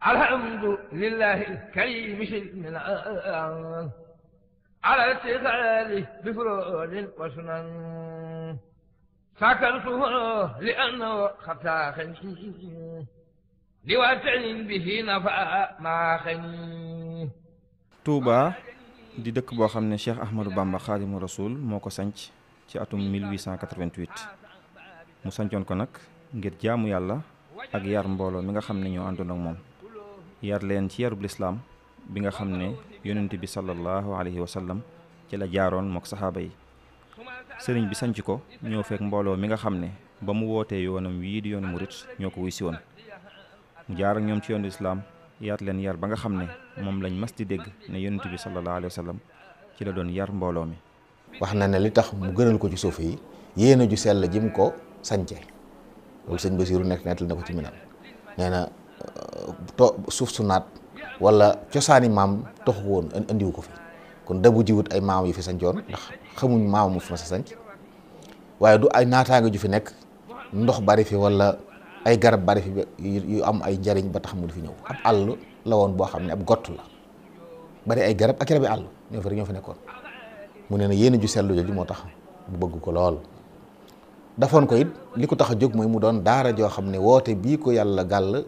الحمد لله الكريم شلمنا على اتخاذه بفروض وسنن سكرته لأنه خطاخني لواتن به نفع ما خني Touba di dëkk boo xam ne Cheikh Ahmadou Bamba Xaadimu Rasuul moo ko sanc ci atum 1888 mu sancoon ko nag ngir jaamu yàlla ak yar mbooloo mi nga xam ne ñoo àndoon ak moom yar leen ci yarub lislaam bi nga xam ne yonent bi sallallahu alayhi wa sallam ci la jaaroon mook saxaaba yi sëriñ bi sanc ko ñëw fekk mbooloo mi nga xam ne ba mu wootee yoonam wii di yoonu murit ñoo ko wuy si woon mu jaar ñoom ci yoonu lislaam yar leen yar ba nga xam ne moom lañ mas di dégg ne yonent bi sallallahu alayhi wa ci la doon yar mbooloo mi wax na ne li tax mu gënal ko ci suufi yi yéena ju sell jim ko sance loolu sëñ Basiru nekk na ko ci minam na to suuf su naat wala cosaani maam toxu woon andiwu ko fi kon dabu jiwut ay maam yu fi sancoon ndax xamuñ maam mu fi ma sa sanc waaye du ay naataange ju fi nekk ndox bari fi wala ay garab bari fi yu am ay njariñ ba tax mu di fi ñëw ab àll la woon boo xam ne ab gott la bari ay garab ak garab yi àll ñoo fi rek ñoo fi nekkoon mu ne na yéen ju sellu jooju moo tax bu bëgg ko lool dafoon ko it li ko tax jóg mooy mu doon daara joo xam ne woote bii ko yàlla gàll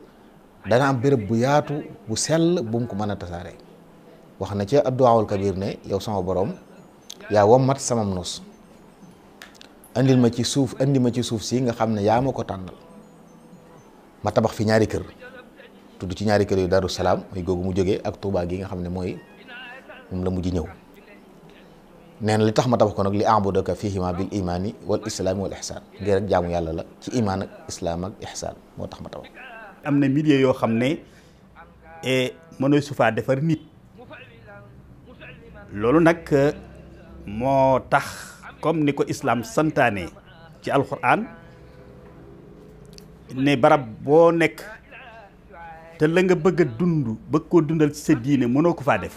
dana am béréb bu yaatu bu sell bu mu ko mën a tasaare wax na ci adduwaawul kabir ne yow sama boroom yaa wommat sama noos andil ma ci suuf andi ma ci suuf si nga xam ne yaa ma ko tànnal ma tabax fi ñaari kër tudd ci ñaari kër yu Daaru Salaam muy googu mu ak Tuubaa gi nga xam ne mooy moom la mujj ñëw neen na li tax ma tabax ko nag li a'budaka fihima bil imaani wal islaami wal ihsaan ngir ak jaamu yàlla la ci imaan islaam ak moo tax ma tabax am na milieu yoo xam ne mënoo su faa defar nit loolu nag euh, moo tax comme ni ko islaam santaane ci alxuraan ne barab boo nekk te la nga bëgg a dund bëgg koo dundal ci sa diine mënoo ko faa def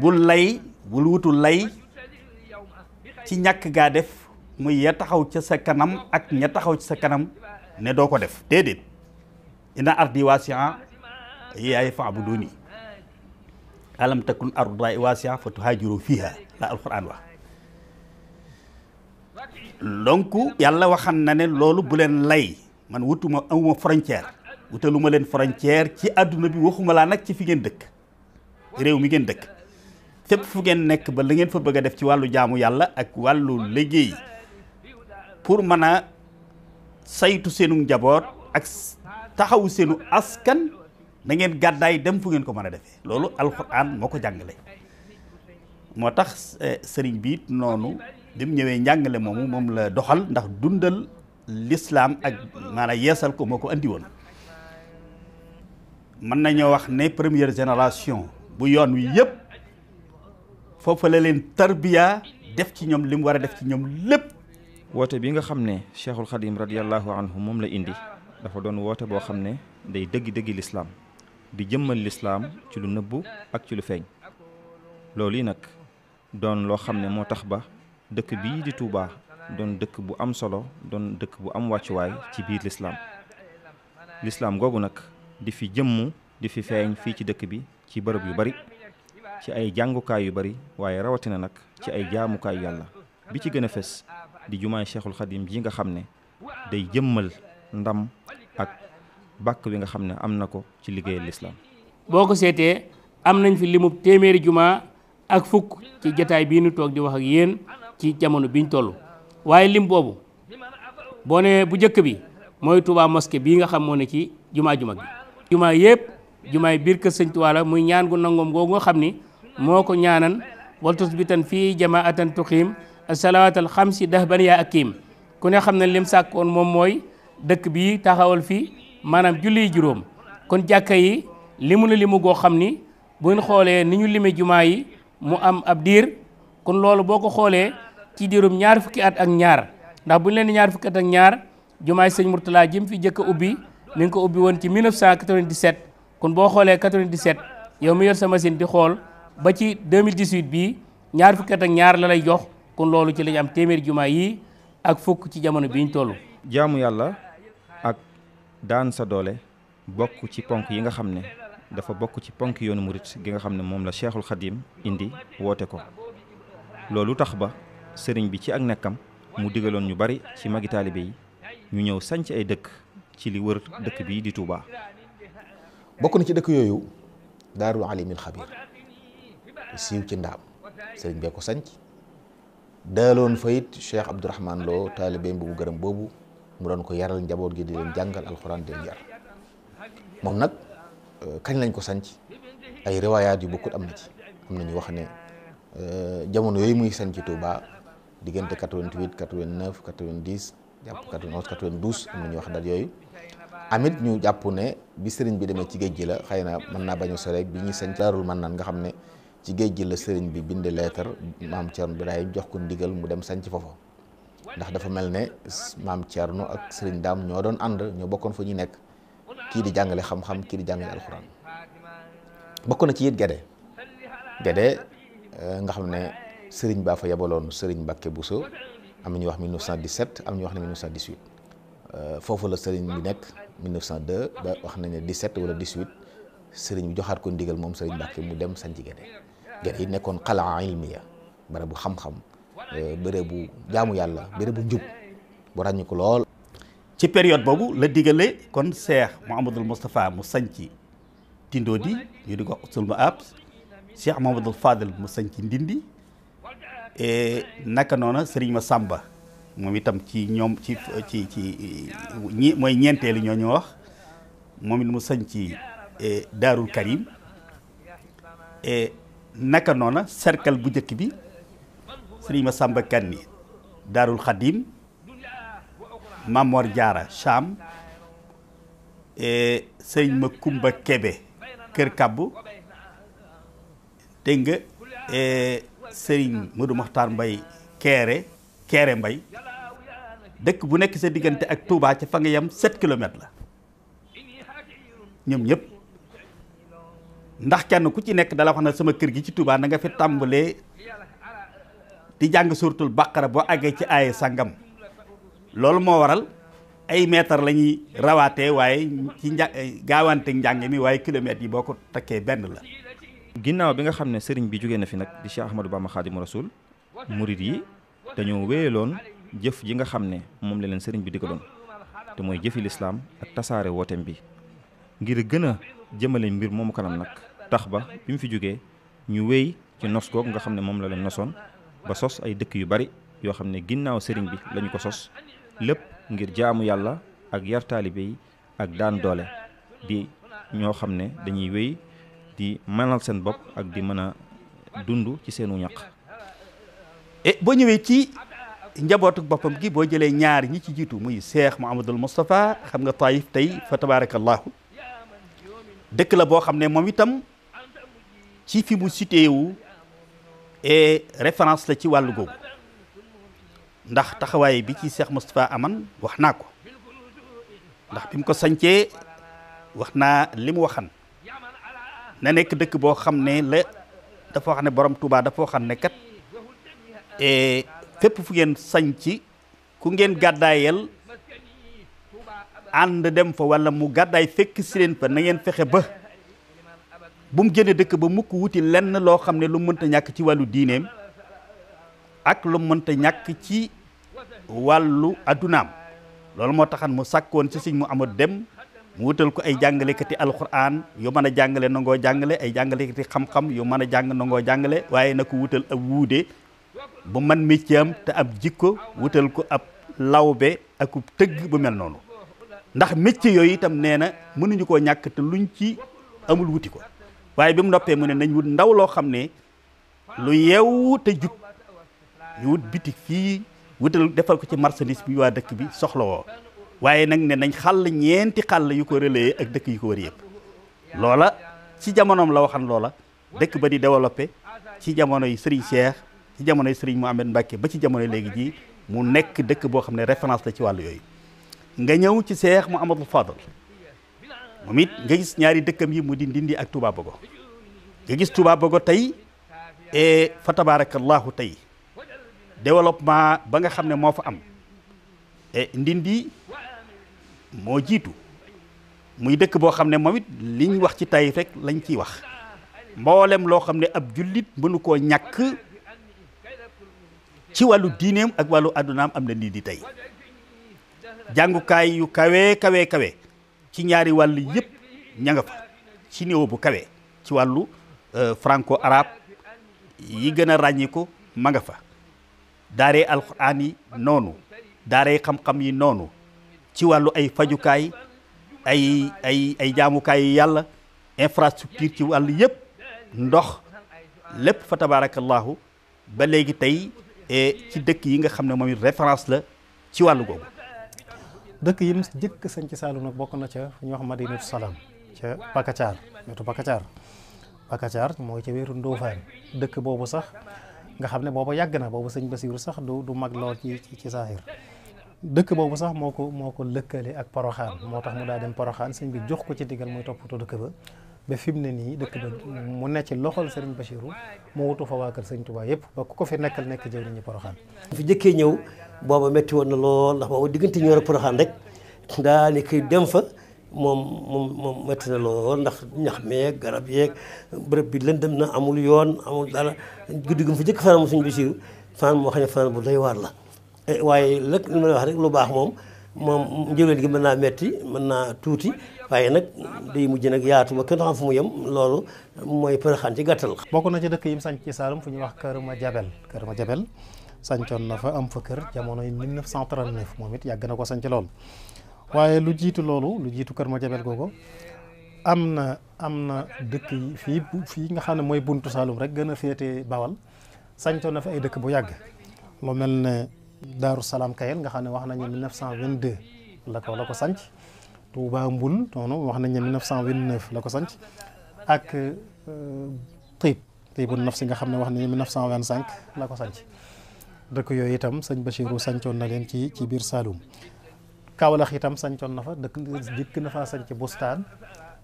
bul lay bul wutu lay ci ñàkk gaa def muy ya taxaw ca sa kanam ak ña taxaw ci sa kanam ne doo ko def déedéet ina ardi waasi'a yaay fa'buduni alam takun ardullahi waasi'a fa tuhaajiru fiha la alquran wax donc yàlla waxan na ne loolu bu leen lay man wutuma amuma frontière wutaluma leen frontière ci àdduna bi waxuma laa nag ci fi ngeen dëkk réew mi ngeen dëkk fépp fu ngeen nekk ba la ngeen fa bëgg a def ci wàllu jaamu yàlla ak wàllu liggéey pour mën saytu seenu njaboot ak taxawu seenu askan na ngeen gàddaay dem fu ngeen ko mën a defee loolu alxuraan moo ko jàngale moo tax eh, sëriñ bi noonu bi mu ñëwee njàngale moomu moom la doxal ndax dundal lislaam ak maanaam yeesal ko moo ko andi woon mën nañoo wax ne première génération bu yoon wi yëpp foofu la leen tarbiya def ci ñoom li mu war a def ci ñoom lépp woote bi nga xam ne cheikhul xadim radiallahu anhu moom la indi dafa doon woote boo xam ne day dëggi-dëggi lislaam di jëmmal lislaam ci lu nëbbu ak ci lu feeñ loolu yi nag doon loo xam ne moo tax ba dëkk bii di Touba doon dëkk bu am solo doon dëkk bu am wàccuwaay ci biir lislaam lislaam googu nag di fi jëmmu di fi feeñ fii ci dëkk bi ci bërëb yu bari ci ay jàngukaay yu bari waaye rawatina nag ci ay jaamukaayu yàlla bi ci gën a fës di jumaay cheikhul xadim ji nga xam ne day jëmmal ndam ak bàkk bi nga xam ne am na ko ci liggéeyal lislaam boo ko seetee am nañ fi limub téeméeri jumaa ak fukk ci jataay bii nu toog di wax ak yéen ci jamono biñ toll waaye lim boobu boo ne bu njëkk bi mooy Touba mosquée bii nga xam moo ne ci jumaa ju mag bi jumaa yëpp jumaay biir kër sëñ muy ñaan gu nangoom googu nga xam ni moo ko ñaanan waltus bi tan fii jamaatan tuqiim salawaatal xamsi dahban yaa akim ku ne xam ne lim sàkkoon moom mooy dëkk bi taxawal fi maanaam julli juróom kon jàkka yi limu na limu goo xam ni buñ xoolee ni ñu lime jumaa yi mu am ab diir kon loolu boo ko xoolee ci diirum ñaar fukki at ak ñaar ndax bu ñu leen di ñaar fukki at ak ñaar jumaay sëñ Mourtala mu fi jëkk a ubbi mi ngi ko ubbi woon ci 1997 kon boo xoolee 97 yow mi yor sa machine di xool ba ci 2018 bii ñaar fukki at ak ñaar la lay jox kon loolu ci lañu am téeméeri jumaa yi ak fukk ci jamono biñ toll. jaamu yàlla ak daan sa doole bokk ci ponk yi nga xam ne dafa bokk ci ponk yoonu murit gi nga xam ne moom la Cheikhul Khadim indi woote ko loolu tax ba sëriñ bi ci ak nekkam mu digaloon ñu bari ci magi taalibe yi ñu ñëw sañc ay dëkk ci li wër dëkk bii di tuubaa bokk na ci dëkk yooyu Daarul Alimil Xabiir siiw ci ndaam sëriñ bee ko sanc daaloon fa it Cheikh Abdourahman Lo taalibeem bu gërëm boobu mu doon ko yaral njaboot gi di leen jàngal alxuraan di leen yar moom nag euh, kañ lañ ko sanc ay riwaayaat yu bokkut am na ci am na ñu wax ne euh, jamono yooyu muy sanc Touba diggante 88 89 90 jàpp 91 92 am na ñu wax daal yooyu amit ñu jàpp ne bi sëriñ bi demee ci géej gi la xëy na mën naa bañ a sore bi ñuy sanc daarul mën naan nga xam ne ci géej gi la sëriñ bi bind leetar maam Thierno Birahim jox ko ndigal mu dem sanc foofa ndax dafa mel ne maam Thierno ak sëriñ daam ñoo doon ànd ñoo bokkoon fa ñu nekk kii di jàngale xam-xam kii di jàngale alxuraan bokk na ci it Gede Gede euh, nga xam ne sëriñ baa fa yebaloon sëriñ Mbacke Bousso am na ñuy wax 1917 am na ñuy wax ne 1918 euh, foofu la sëriñ bi nekk 1902 ba wax nañ ne 17 wala 18 sëriñ bi joxaat ko ndigal moom sëriñ Mbacke mu dem sanc Gede. day nekkoon xalaa ilmiya bërëbu xam-xam euh, bërëbu jaamu yàlla bërëbu njub bu ràññu ko lool. ci période boobu la digale kon Cheikh Mouhamadul Moustapha mu sañci Tindodi ñu di ko sulma ab Cheikh Mouhamadul Fadel mu sañci Ndindi e naka noona sëriñ ma sàmba moom itam ci ñoom ci ci ci mooy ñeentee li ñoo ñu wax moom it mu ci e Daarul Karim e naka noona cercle bu njëkk bi sëriñ Massamba Kanni Daarul Xadim Mamor Diara Cham e sëriñ Makumba Kebe Kër Kabbu dégg nga e sëriñ Modou Mokhtar Mbay Kéré Kéré Mbay dëkk bu nekk sa diggante ak Touba ca fa nga yem 7 kilomètres la ñoom ñëpp ndax kenn ku ci nekk dala wax na sama kër gi ci tubaa na nga fi tàmbalee di jàng suuratul baqara boo àggee ci ay sangam loolu moo waral ay mètre la ñuy rawaatee waaye ci nja eh, gaawante njàng mi waaye kilomètres yi boo ko takkee benn la. ginnaaw bi nga xam ne sëriñ bi jógee na fi nag di Cheikh Ahmadou Bamba Khadimu Rasul murit yi dañoo wéyaloon jëf ji nga xam ne moom la leen sëriñ bi digaloon te mooy jëfi lislaam ak tasaare wooteem bi ngir gën a jëmale mbir moomu kanam nag tax ba bi mu fi jógee ñu wéy ci nos googu nga xam ne moom la leen nosoon ba sos ay dëkk yu bari yoo xam ne ginnaaw sëriñ bi lañu ko sos lépp ngir jaamu yàlla ak yar taalibe ak daan doole di ñoo xam ne dañuy wéy di mënal seen bopp ak di mën a dund ci seenu ñaq e boo ñëwee ci njabootuk boppam gi boo jëlee ñaar ñi ci jiitu muy Cheikh Mouhamadul Moustapha xam nga Taïf tey fa tabarakallahu dëkk la boo xam ne moom itam ci fi mu cité wu et référence la ci wàllu googu ndax taxawaay bi ci seex Moustapha aman wax naa ko ndax bi mu ko sañcee wax naa li mu waxan na nekk dëkk boo xam ne la dafa wax ne borom Touba dafa waxan ne kat et fépp fu ngeen sanc ku ngeen gàddaayal ànd dem fa wala mu gàddaay fekk si leen fa na ngeen fexe ba bu mu génne dëkk ba mukk wuti lenn loo xam ne lu mënta ñàkk ci wàllu diineem ak lu mënta ñàkk ci wàllu àddunaam loolu moo taxan mu sàkkoon ci siñ mu amad dem mu wutal ko ay jàngalekati alquran yu mën a jàngale nangoo jàngale ay jàngalekati xam-xam yu mën a jàng nangoo jàngale waaye na ko wutal ab wuude bu man métier am te ab jikko wutal ko ab lawbe akub tëgg bu mel noonu ndax métier yooyu itam nee na mënuñu koo ñàkk te luñ ci amul wuti ko waaye bi mu noppee mu ne nañ wut ndaw loo xam ne lu yeewu te jub ñu wut bitik fii wutal defal ko ci marchandise bi waa dëkk bi soxlawoo waaye nag ne nañ xàll ñeenti xàll yu ko relayé ak dëkk yu ko wër yëpp loola ci jamonoom la waxan loola dëkk ba di développé ci jamono yi Serigne Cheikh ci jamono yi Serigne Mohamed Mbacke ba ci jamono léegi ji mu nekk dëkk boo xam ne référence la ci wàll yooyu nga ñëw ci Cheikh Mouhamadou Fadal moom it nga gis ñaari dëkkam yi mu di Ndindi ak Touba Bogo nga gis Touba Bogo tey e fa tabarakallahu tey développement ba nga xam ne moo fa am e Ndindi moo jiitu muy dëkk boo xam ne moom it li wax ci Taif rek lañ ciy wax mboolem loo xam ne ab jullit mënu koo ñàkk ci wàllu diineem ak wàllu addunaam am na lii di tey jàngukaay yu kawe kawe kawe ci ñaari wàll yëpp ña fa ci niveau bu kawee ci wàllu euh, franco arabe yi gën a ràññiku ma nga fa daaree alxuraan yi noonu daaree xam-xam yi noonu ci wàllu ay fajukaay ay ay ay jaamukaay yi yàlla infrastructure ci wàll yëpp ndox lépp fa tabaarakallaahu ba léegi tey eh, ci dëkk yi nga xam ne moom it référence la ci wàllu googu dëkk yi mu jëkk sañ ci Saalum nag bokk na ca fu ñuy wax Madinatu Salaam ca Pakacaar wetu Pakacaar Pakacaar moo ca weeru Ndofane dëkk boobu sax nga xam ne boobu yàgg na boobu sëñ Basiiru sax du du mag lool ci ci saahir dëkk boobu sax moo ko moo ko lëkkale ak Poroxaan moo tax mu daa dem Poroxaan sëñ bi jox ko ci digal muy toppatoo dëkk ba ba fi mu ne nii dëkk ba mu ne ci loxol Serigne Bachirou mu wutu fa waa kër Sëñ Touba yëpp ba ku ko fi nekkal nekk jëw nañu Poroxaan booba métti woon na lool ndax booba diggante ñoor ak Porokhane rek daa li koy dem fa moom moom moom métti na lool ndax ñax meeg garab yeeg bërëb bi lëndëm na amul yoon amul dara guddi gum fa jëkk fanaan suñu Basiiru fanaan moo xam ne fanaan bu doy waar la eh, waaye lëkk li ma wax rek lu baax moom moom njëwleen gi mën naa metti mën naa tuuti waaye nag day mujj nag yaatu ba kenn fu mu yem loolu mooy Porokhane ci gàttal bokk na ci dëkk yi mu fu ñuy wax Kër Madiabel Kër Madiabel sancoon na fa am fa kër jamonoy 1939 moom it yàgg na ko sanc lool waaye lu jiitu loolu lu jiitu kër moo Madiabel googu am na am na dëkk yi fii fii nga xam ne mooy buntu Saalum rek gën a féete Bawal sancoon na fa ay dëkk bu yàgg lu mel ne Daaru Salaam Kayel nga xam ne wax nañu 1922 la ko la ko sanc Touba Mbul noonu wax nañu 1929 la ko sanc ak Tiib euh, Tiibu Nafsi nga xam ne wax nañu 1925 la ko sanc dëkk yooyu itam sëñ Bachirou sancoon na leen ci ci biir Saloum Kaolack itam sancoon na fa dëkk dëkk na faa sanc bustaan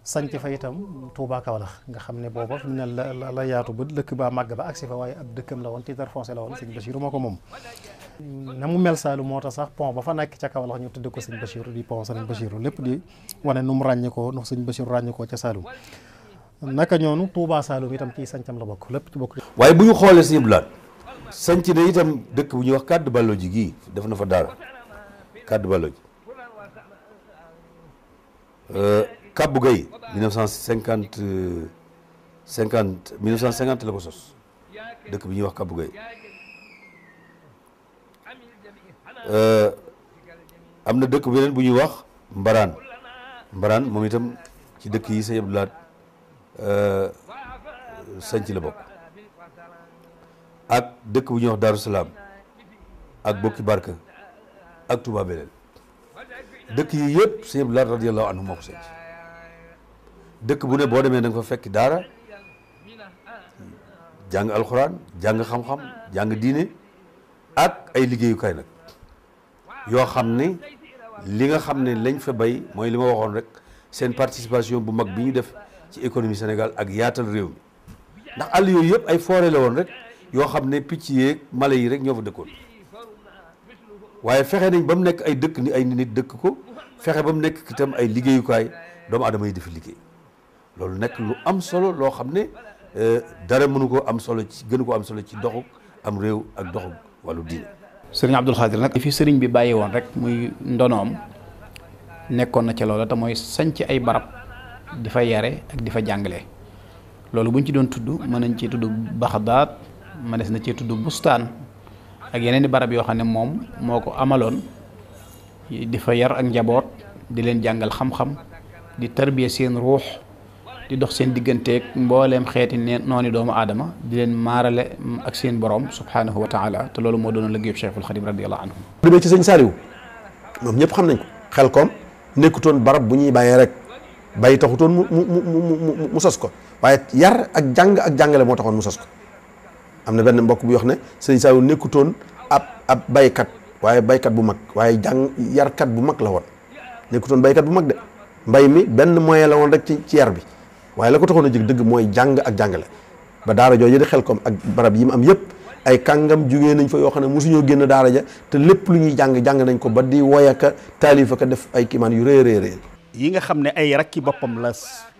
sanc fa itam Touba Kaolack nga xam ne booba fi la la yaatu ba dëkk baa màgg ba agsi fa waaye ab dëkkam la woon titre foncier la woon sëñ Bachirou moo ko moom na mu mel Saalum moo tax sax pont ba fa nekk ca Kaolack ñu tudd ko sëñ Bachirou di pont lépp di wane nu mu ràññikoo nu sëñ Bachirou ràññikoo ca Saalum naka ñoonu Touba Saalum itam ci sancam la bokk lépp ci bokk waaye bu ñu xoolee sëñ Blaat sanc na itam dëkk bu ñuy wax kàddu balloji gii def na fa dara kàddu balloji euh, Kabou Gueye 1950 50 1950 la ko sos dëkk bi ñuy wax Kabou Gueye euh, am na dëkk beneen bu ñuy wax Mbaraan Mbaraan moom itam ci dëkk yi sëñ Abdou Lahad euh, sanc la bokk ak dëkk bu ñuy wax Daaru ak Bokki Barka ak Touba Belel dëkk yi yëpp sëñ Abdou Lahad radiyallahu anhu moo ko dëkk bu ne boo demee da nga fa fekk daara jàng alxuraan jàng xam-xam jàng diine ak ay liggéeyukaay nag yoo xam ne li nga xam ne lañ fa bay mooy li ma waxoon rek seen participation bu mag bi ñu def ci économie senegal ak yaatal réew mi ndax àll yooyu yëpp ay forêt woon rek yoo xam ne picc yeeg mala yi rek ñoo fa dëkkoon waaye fexe nañ ba mu nekk ay dëkk ni ay nit dëkk ko fexe ba mu nekk itam ay liggéeyukaay doomu aadama yi di liggéey loolu nekk lu am solo loo xam ne euh, dara mënu ko am solo ci gënu ko am solo ci doxu am réew ak doxu wàllu diine. sëriñ Abdul Xaadir nag fi sëriñ bi bàyyi woon rek muy ndonoom nekkoon na ca loolu te mooy sanc ay barab di fa yare ak di fa jàngale loolu buñ ci doon tudd mën nañ ci tudd Baxdaad ma des na cee tudd bustaan ak yeneen i barab yoo xam ne moom moo ko amaloon di fa yar ak njaboot di leen jàngal xam-xam di tarbiya seen ruux di dox seen digganteeg mbooleem xeeti ne noonu doomu aadama di leen maarale ak seen borom subhanahu wa taala te loolu moo doon liggéeyu Cheikhul Xadim radiyallahu anhu. bu demee ci sëñ Saliou moom ñëpp xam nañ ko xel koom nekkutoon barab bu ñuy bàyyee rek bay taxutoon mu mu mu mu sos ko waaye yar ak jàng ak jàngale moo taxoon mu sos ko. am na benn mbokk bu yox ne sëñ Saliou nekkutoon ab ab baykat waaye baykat bu mag waaye jàng yarkat bu mag la woon nekkutoon baykat bu mag de mbay mi benn moyen la woon rek ci ci yar bi waaye la ko taxoon a jëg dëgg mooy jàng ak jàngale ba daara jooju di xel kom ak barab yi mu am yëpp ay kàngam jugee nañ fa yoo xam ne mosuñoo génn daara ja te lépp lu ñuy jàng jàng nañ ko ba di woyaka taalifa ka def ay kiimaan yu rëy rëy yi nga xam ne ay rakki boppam la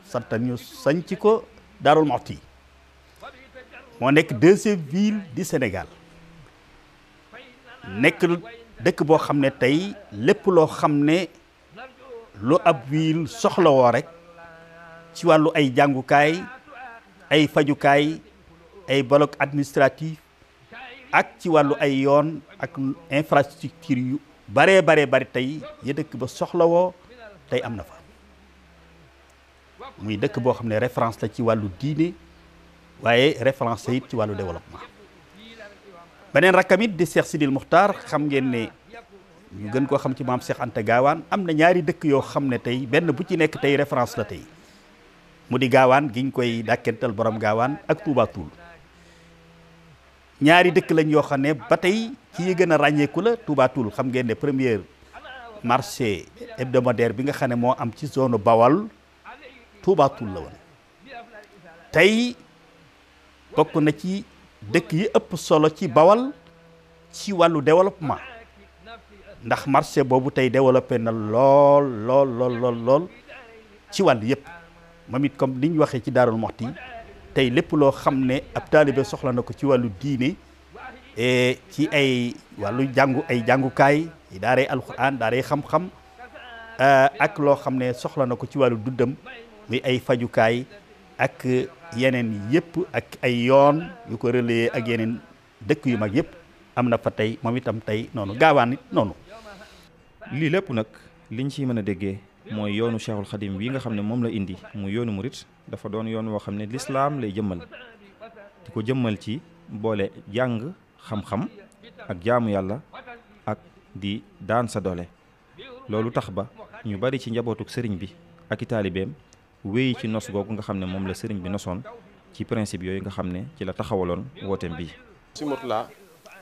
santan ñu sañ ci ko daarul moxti moo nekk deuxième ville di Sénégal nekk dëkk boo xam ne tey lépp loo xam ne lu ab ville soxlawoo rek ci wàllu ay jàngukaay ay fajukaay ay bloc administratif ak ci wàllu ay yoon ak infrastructure yu baree baree bari tey ya dëkk ba soxlawoo tey am na fa muy dëkk boo xam ne référence la ci wàllu diine waaye référence it ci wàllu développement beneen rakkam it di Cheikh Sidil Muxtaar xam ngeen ne ñu gën koo xam ci maam Cheikh Anta Gaawaan am na ñaari dëkk yoo xam ne tey benn bu ci nekk tey référence la tey mu di Gaawaan giñ koy dàkkental borom Gaawaan ak Touba Toul ñaari dëkk lañ yoo xam ne ba tey kii gën a ràññeeku la Touba Toul xam ngeen ne première marché hebdomadaire bi nga xam ne moo am ci zone Bawal Touba Toul la woon tey bokk na ci dëkk yi ëpp solo ci bawal ci wàllu développement ndax marché boobu tey développé na lool lool lool ci wàll yëpp moom it comme li ñu waxee ci Daarul Moxti tey lépp loo xam ne ab taalibe soxla na ko ci wàllu diine e ci ay wàllu jàngu ay jàngukaay daaray alxuraan daaray xam-xam e ak loo xam ne soxla na ko ci wàllu duddam muy ay fajukaay ak yeneen yëpp ak ay yoon yu ko relayé ak yeneen dëkk yu mag yëpp am na fa tey moom itam tey noonu gaawaan it noonu. lii lépp nag liñ ciy mën a déggee mooy yoonu Cheikhul Khadim wi nga xam ne moom la indi mu yoonu murit dafa doon yoon woo xam ne lislaam lay jëmmal di ko jëmmal ci boole jàng xam-xam ak jaamu yàlla ak di daan sa dole loolu tax ba ñu bari ci njabootuk sëriñ bi ak i taalibeem wéy ci nos googu nga xam ne moom la sëriñ bi nosoon ci principe yooyu nga xam ne ci la taxawaloon wooteem bii. Sëriñ Mourtalla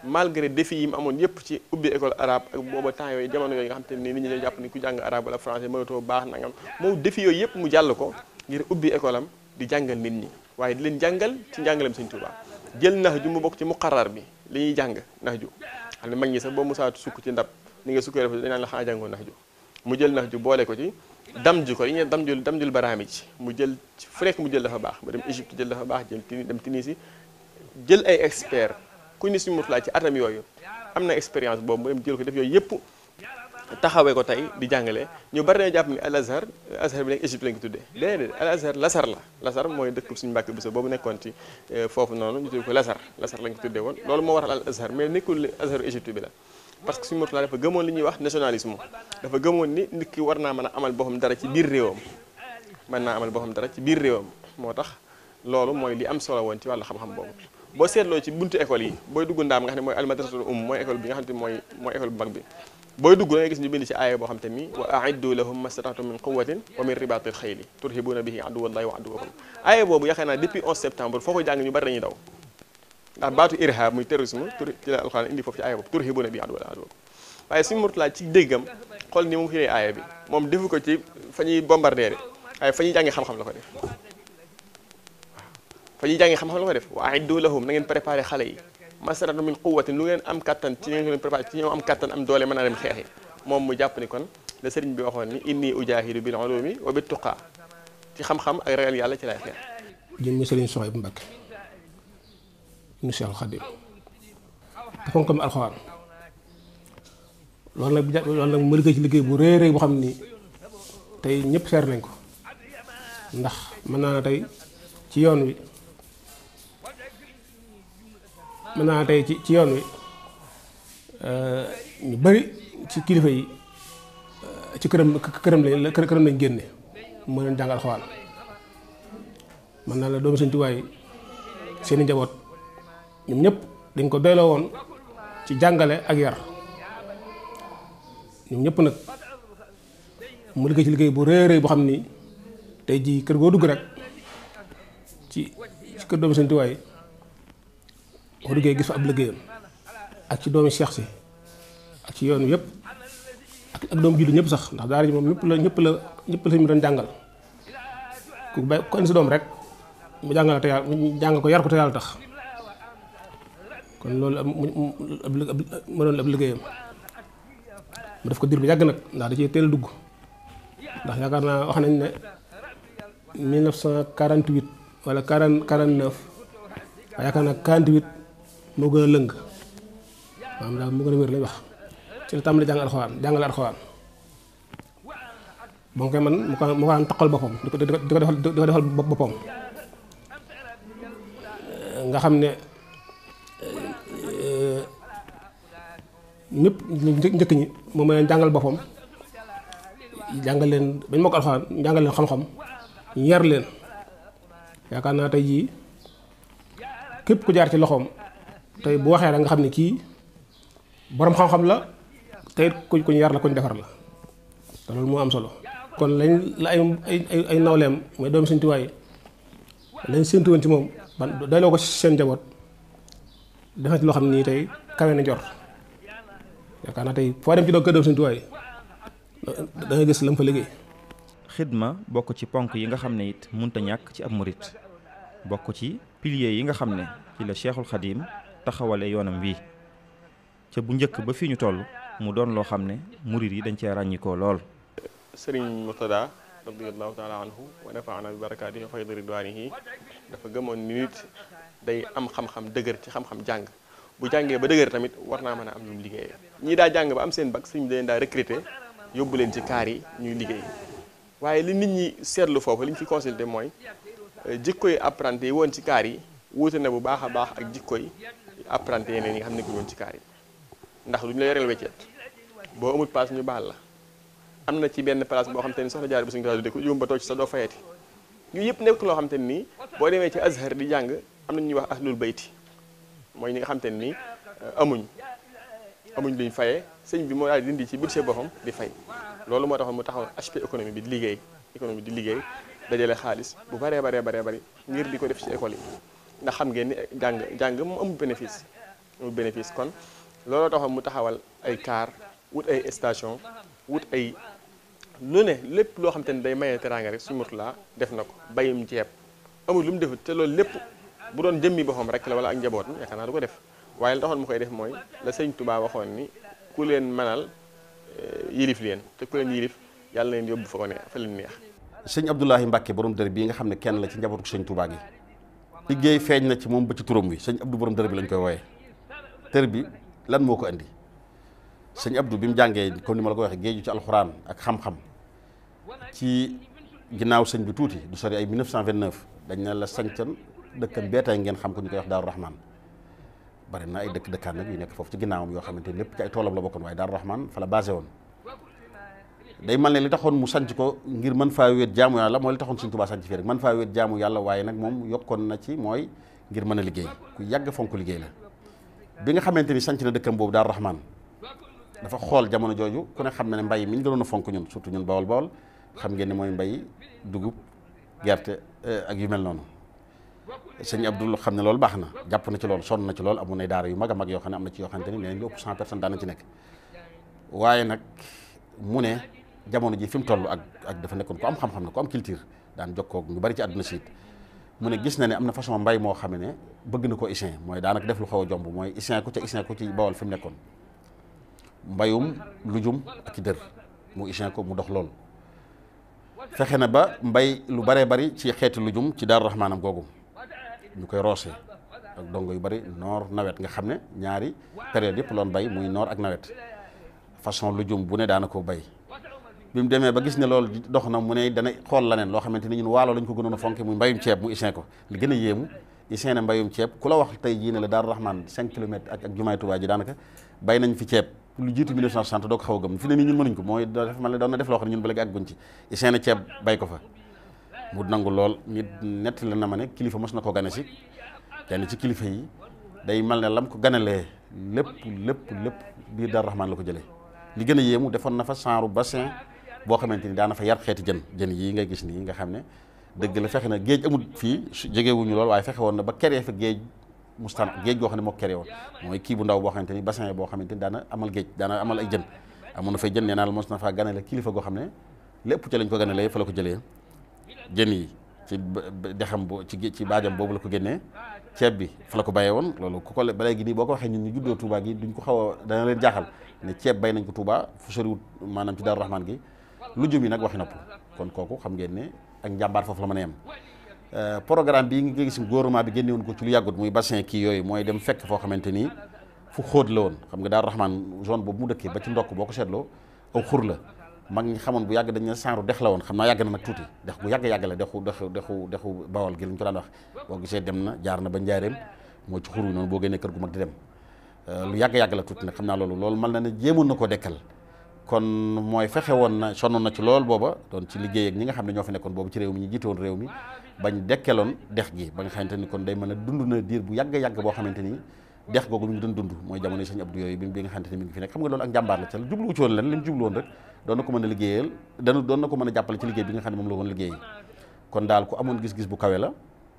malgré défi yi mu amoon yëpp ci ubbi école arabe ak booba temps yooyu jamono yooyu nga xam te ni nit ñi dañu jàpp ni ku jàng arabe wala français mënatoo baax nangam moom défi yooyu yëpp mu jàll ko ngir ubbi école am di jàngal nit ñi waaye di leen jàngal ci njàngaleem Sëriñ Tuubaa jël nax ju mu bokk ci muqarrar bi li ñuy jàng nax ju xam ne mag ñi sax boo musaatu sukk ci ndab ni nga sukkee dafa dañ naan la xanaa jàngoo nax mu jël nax ju boole ko ci dam ji ko li ñu dam jul dam jul baraami ci mu jël fu nekk mu jël dafa baax mu dem Égypte jël dafa baax jël Tunisie dem Tunisie jël ay expert ku ni suñu motulaa ci atam yooyu am na expérience boobu mu dem jël ko def yooyu yëpp taxawee ko tey di jàngale ñu bari dañoo jàpp ni al azhar azhar bi nekk Égypte lañ ko tuddee déedéet al azhar lasar la lasar mooy dëkk suñu mbàkk bisa boobu nekkoon ci euh, foofu noonu ñu tuddee ko lasar lasar lañ ko tuddee woon loolu moo waral parce que suñu motu laa dafa gëmoon li ñuy wax nationalisme dafa gëmoon ni nit war naa mën a amal boppam dara dara ci biir réewam moo tax loolu mooy li am solo woon ci wàllu xam-xam boobu boo seetloo ci buntu école yi booy dugg ndaam nga xam ne mooy almadrasatul um mooy école bi nga xam ne mooy mooy école bu mag bi booy dugg da gis ñu bind ci aaya boo xam te wa aiddu boobu yaakaar naa depuis 11 septembre foo ko jàng ñu bari dañuy daw ndax baatu irhab muy terrorisme tur ci la alxuraan indi foofu ci aaya boobu turhibuuna bi aduwwallaahi wa aduwwakum waaye suñu murtalaa ci déggam xool ni mu firee aaya bi moom defu ko ci fa ñuy bombardé de waaye fa ñuy jàngi xam-xam la ko def waaw fa ñuy jàngi xam-xam la ko def wa aiddu lahum na ngeen préparé xale yi masaratu min quwatin lu ngeen am kattan ci ngeen préparé ci ñoom am kattan am doole mën a dem xeexi moom mu jàpp ni kon la sëriñ bi waxoon ni inni ujaahidu bil ulumi wa bit tuqaa ci xam-xam ak ragal yàlla ci lay xeex jëm nga sëriñ Soxaybu Mbàkke nu Seexul Xadiim te fonk mi alxuraan loolu nag loolu liggéey ci liggéey bu rëy rëy boo xam ni tey ñëpp seer nañ ko ndax mën naa tey ci yoon wi mën naa tey ci ci yoon wi euh, ñu bari ci kilifa yi euh, ci këram këram lañ këram lañ génne moo leen jàngal alxuraan mën naa la doomu Sëñ Tuubaa seeni njaboot ñoom ñëpp dañ ko doyloo woon ci jàngale ak yar ñoom ñëpp nag mu liggéey ci liggéey bu rëy rëy boo xam ni tey jii kër goo dugg rek ci ci kër doomi Sëñ Tuubaa yi boo duggee gis fa ab liggéeyam ak ci doomi Seex si ak ci yoon yëpp ak ak doomu ñëpp sax ndax daara ji moom ñëpp la ñëpp la ñëpp la suñu doon jàngal ku bay ku indi si doom rek mu jàngal te yàlla mu jàngal ko yar ko te tax. kon loolu am mu mënoon ab mu def ko diir bu yàgg nag ndax da cee teel a dugg ndax yaakaar naa wax nañ ne 1948 wala 40 49 waaye yaakaar naa 48 moo gën a lëng maanaam daal moo gën a wér lañ wax ci la tàmbali jàng alxuraan jàngale alxuraan ba nga koy man mu ko mu ko daan taqal boppam di ko di ko defal di ko defal boppam nga xam ne. ñépp njëkk ñi moom leen jàngal boppam jàngal bañ ma ko alxuraan jàngal leen xam-xam yar leen yaakaar naa tey jii képp ku jaar ci loxoom tey bu waxee rek nga xam ne kii borom xam-xam la tey ku kuñ yar la kuñ defar la te loolu moo am solo kon lañ la ay ay ay nawleem mooy doom Sëñ Tuubaa yi lañ séntu woon ci moom ban doyloo ko seen njaboot defe ci loo xam nii tey kawe na jor yaakaar naa tey foo dem ci doog kër def suñu tuwaay da nga gis lam fa liggéey. xidma bokk ci ponk yi nga xam ne it munta ñàkk ci ab murit bokk ci pilier yi nga xam ne ci la cheikhul xadim taxawale yoonam wii ca bu njëkk ba fii ñu toll mu doon loo xam ne murit yi dañ cee ràññikoo lool. Serigne Murtada radiyallahu taala anhu wa nafaana bi barakaatihi faydi ridwaanihi dafa gëmoon ni nit day am xam-xam dëgër ci xam-xam jàng bu jàngee ba dëgër tamit war naa mën a am lu mu ñii daa jàng ba am seen bag sëñ bi leen daa recruter yóbbu leen ci kaar yi ñuy liggéey waaye li nit ñi seetlu foofu li ñu fi consulté mooy euh, jikko yi apprenti yi woon ci kaar yi wuute na bu baax a baax ak jikko yi apprenti yeneen yi nga xam ne ko woon ci kaar yi ndax duñu la yoreel wecceet boo amul paas ñu baal la am na ci benn place boo xam te ni soxna jaar bi suñu ko dëkk yóbbu ba too ci sa doo fayati yooyu yëpp nekk loo xam te nii boo demee ci azhar di jàng am na ñuy wax ahlul bayti mooy ñi nga xam te ni euh, amuñ amuñ luñ fayee sëñ bi moo daal di dindi ci budget boppam di fay loolu moo taxoon mu taxaw HP économie bi di liggéey économie di liggéey dajale xaalis bu baree baree baree bari ngir di ko def ci école yi ndax xam ngeen ni jàng jàng mu amul bénéfice bénéfice kon looloo taxoon mu taxawal ay car wut ay station wut ay lu ne lépp loo xam te ne day maye teraanga rek suñu Mourtalla def na ko bayum ceeb amul lu mu defut te loolu lépp bu doon jëmmi boppam rek la wala ak njaboot yaakaar naa ko def waaye la taxoon mu koy def mooy la sëñ Touba waxoon ni ku leen manal eh, yilif leen te ku leen yilif yàlla leen yóbbu fa ko ne fa leen neex. sëñ Abdoulahi Mbacke borom dër bii nga xam ne kenn la ci njabootu sëñ Touba gi liggéey feeñ na ci moom ba ci turam wi sëñ Abdou borom dër bi lañ koy wooyee dër bi lan moo ko andi sëñ Abdou bi mu jàngee comme ni ma la koy waxee géeju ci alxuraan ak xam-xam ci ginnaaw sëñ bi tuuti du sori ay 1929 dañ ne la sañcan dëkkam beetaay ngeen xam ko ñu koy wax Daaru Rahman. bari na ay dëkk dëkkaan nag yu nekk foofu ci ginnaawam yoo xamante ni lépp ci ay toolam la bokkoon waaye Daaru Rahman fa la basé woon day mal ne li taxoon mu sanc ko ngir mën faa wéet jaamu yàlla mooy taxoon Sëriñ Tuubaa sanc fii rek mën faa wéet jaamu yàlla waaye nag moom yokkoon na ci mooy ngir mën a liggéey ku yàgg fonk liggéey la bi nga xamante ni sanc na dëkkam boobu Daaru Rahman dafa xool jamono jooju ku ne xam na ne mbay mi ñu gënoon fonk ñun surtout ñun bawol bawol xam ngeen ne mooy mbay dugub gerte eh, ak yu mel noonu sëñ Abdul xam ne loolu baax na jàpp na ci loolu sonn na ci loolu amoon nay daara yu mag a mag yoo xam ne am na ci yoo xamante ni leneen daana ci nekk waaye nag mu ne jamono ji fi mu toll ak ak dafa nekkoon ku am xam-xam ne ku am culture daan jokkoo ñu bari ci àdduna si mu ne gis na ne am na façon mbay moo xam ne bëgg na ko issin mooy daanaka def lu xaw a jomb mooy isin ku ci isin ku ci bawal fi mu nekkoon mbayum lujum ak ci dër mu isin ko mu dox lool fexe na ba mbay lu baree bari ci xeeti lujum ci daaru raxmaanam googu ñu koy roose ak dongo yu bari noor nawet nga xam ne ñaari période yëpp loon bay muy noor ak nawet façon lu jum bu ne daana ko bay bi mu demee ba gis ne loolu dox na mu ne dana xool xamante ni ñun a fonke muy mbayum ceeb mu isin ko li gën a yéemu isin ne ku la wax tey jii ne la Daaru Rahman cinq kilomètres ak ak jumaay Tuubaa ji daanaka bay nañ fi ceeb lu jiitu 1960 doo ko xaw gëm fi ne nii ñun mënuñ ko mooy dafa mel ne doon na def loo xam ne ñun ba léegi àgguñ ci isin na ceeb bay ko fa mu nangu lool nit la na ma ne kilifa mos na ko gane si kenn ci kilifa yi day mel ne lam ko ganalee lépp lépp lépp biir Daaru Rahmaan la ko jëlee li gën a yéemu defoon na fa genre bassin boo xamante ni daana fa yar xeeti jën jën yii nga gis nii nga xam ne dëgg la fexe na géej amul fii jegewuñu lool waaye fexe woon na ba keree fa géej mustaan géej goo xam ne moo keree woon mooy kii bu ndaw boo xamante ni bassin boo xamante ni daana amal géej daana amal ay jën amoon na fay jën nee naa la mos na faa kilifa goo xam ne lépp lañ ko ganalee fa la ko jëlee jën yi ci dexam bo ci ci baajam boobu la ko génnee ceeb bi fa la ko bayee woon loolu ku ko le ba léegi nii boo ko waxee ñun ni juddoo Touba gi duñ ko xaw a dana leen jaaxal ne ceeb bay nañ ko Touba fu soriwut maanaam ci Daaru Rahmaan gi lu jëm yi nag waxi nopp kon kooku xam ngeen ne ak njambaar foofu la mën a yem euh, programme bii nga gis gouvernement bi génne woon ko ci lu yàggut muy bassin kii yooyu mooy dem fekk foo xamante ni fu xóot la woon xam nga Daaru zone boobu mu ba ci ndokk boo ko seetloo aw xur la mag ñi xamoon bu yàgg dañ ne saaru dex la woon xam naa yàgg na nag tuuti dex bu yàgg yàgg la dexu dexu dexu dexu bawal gi lañ ko daan wax boo gisee dem na jaar na ba njaareem moo ci xuru noonu boo génnee kër gu mag di dem euh, lu yàgg yàgg la tuuti nag xam naa loolu loolu mën na ne jéemoon na ko dekkal kon mooy fexe woon na sonnoon na ci lool booba doon ci liggéey ak ñi nga xam ne ñoo fi nekkoon boobu ci réew mi ñu jiite woon réew mi bañ dekkeloon xamante ni kon day mën a na diir bu yàgg yàgg boo xamante ni dex googu ñu doon dund mooy jamono yi sëñ Abdou yooyu bi nga xamante ne mi ngi fi nekk xam nga loolu ak njàmbaar la ci la jublu wu ci leen li rek doon na ko mën a liggéeyal doon na ko mën a jàppale ci liggéey bi nga xam ne moom la woon liggéey kon daal ku amoon gis-gis bu kawe la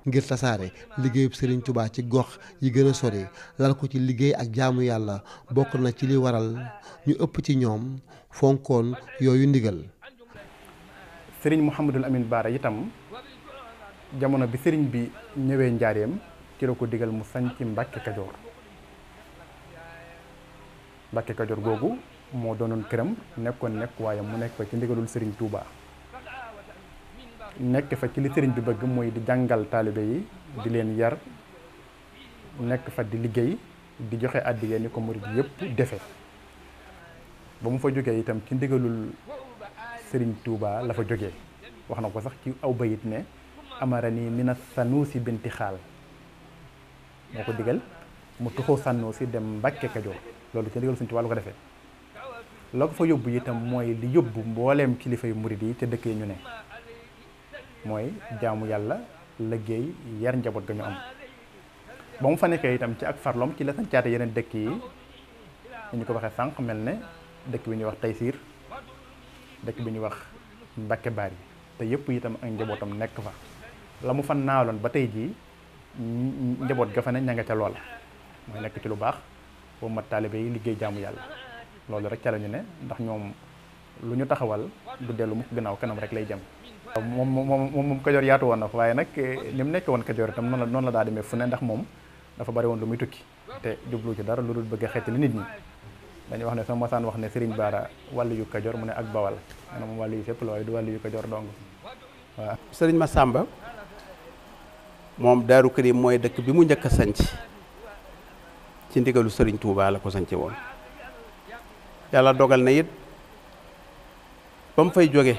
ngir tasaare liggéeyub Serigne Touba ci gox yi gën a sori lal ko ci liggéey ak jaamu yàlla bokk na ci li waral ñu ëpp ci ñoom fonkoon yooyu ndigal Serigne Mouhamadul Amin Baara itam jamono bi Serigne bi ñëwee njaareem ci la ko digal mu sañ ci Mbàkke Mbàkke Kajoor googu moo doonoon këram nekkoon nekk waaye mu nekk fa ci ndigalul sëriñ Touba nekk fa ci li sëriñ bi bëgg mooy di jàngal taalibe yi di leen yar nekk fa di liggéey di joxe àddiya ni ko murid yëpp defe ba mu fa jógee itam ci ndigalul sëriñ Touba la fa jógee wax na ko sax ci aw bayit ne amara nii mina si binti xaal moo ko digal mu tuxoo sànnoo si dem Mbàkke Kajoor loolu ci ndigal suñu Tuubaa la ko defee la ko fa yóbbu itam mooy li yóbbu mbooleem kilifa yu murid yi te dëkk yi ñu ne mooy jaamu yàlla liggéey yar njaboot ga ñu am ba mu fa nekkee itam ci ak farloom ci la sancaate yeneen dëkk yi ñu ko waxee sànq mel ne dëkk bi ñuy wax Taysiir dëkk bi ñuy wax Mbàkke Baar yi te yëpp itam ak njabootam nekk fa la mu fa naaloon ba tey jii njaboot ga fa ne ña nga ca loola mooy nekk ci lu baax boo mat taalibe liggéey jaamu yàlla loolu rek ca la ñu ne ndax ñoom lu ñu taxawal du dellu mukk gannaaw kanam rek lay jëm. moom moom moom Kajoor yaatu woon na fa waaye nag eh, ni mu nekk woon Kajoor itam noonu la noonu daa demee fu ne ndax moom dafa bari woon lu muy tukki te jublu ci dara lu dul bëgg a xeetali nit ñi. dañuy wax ne sama masaan wax ne Serigne baara wàllu yu Kajoor mu ne ak Bawal maanaam wàllu yu fépp la waaye du wàllu yu Kajoor dong waaw. ma sàmba moom Daaru yi mooy dëkk bi mu njëkk a sanc ci ndigalu sëriñ Touba la ko sañce woon yàlla dogal na yit ba fay jóge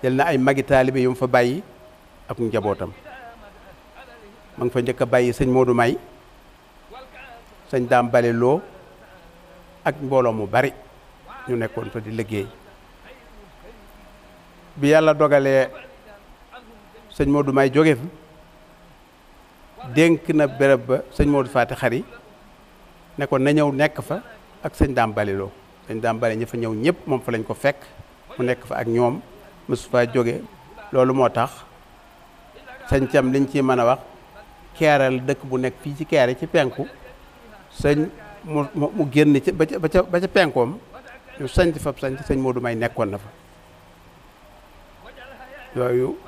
jël na ay magi taalibe yu fa bàyyi ak njabootam ma ngi fa njëkk a bàyyi sëñ Modou May sëñ Daam Bale Loo ak mbooloo mu bari ñu nekkoon fa di liggéey bi yàlla dogalee sëñ Modou May jóge fi dénk na béréb ba sëñ Modou Faati Xari nekkoon na ñëw nekk fa ak sëñ daam baliloo sëñ daam bali ñi fa ñëw ñëpp moom fa lañ ko fekk mu nekk fa ak ñoom mosu faa jóge loolu moo tax sëñ cam liñ ci mën a wax keeral dëkk bu nekk fii ci keere ci penku sëñ mu mu génn ci ba ca ba ca penkoom ñu sanc fa sanc sëñ du May nekkoon na fa yooyu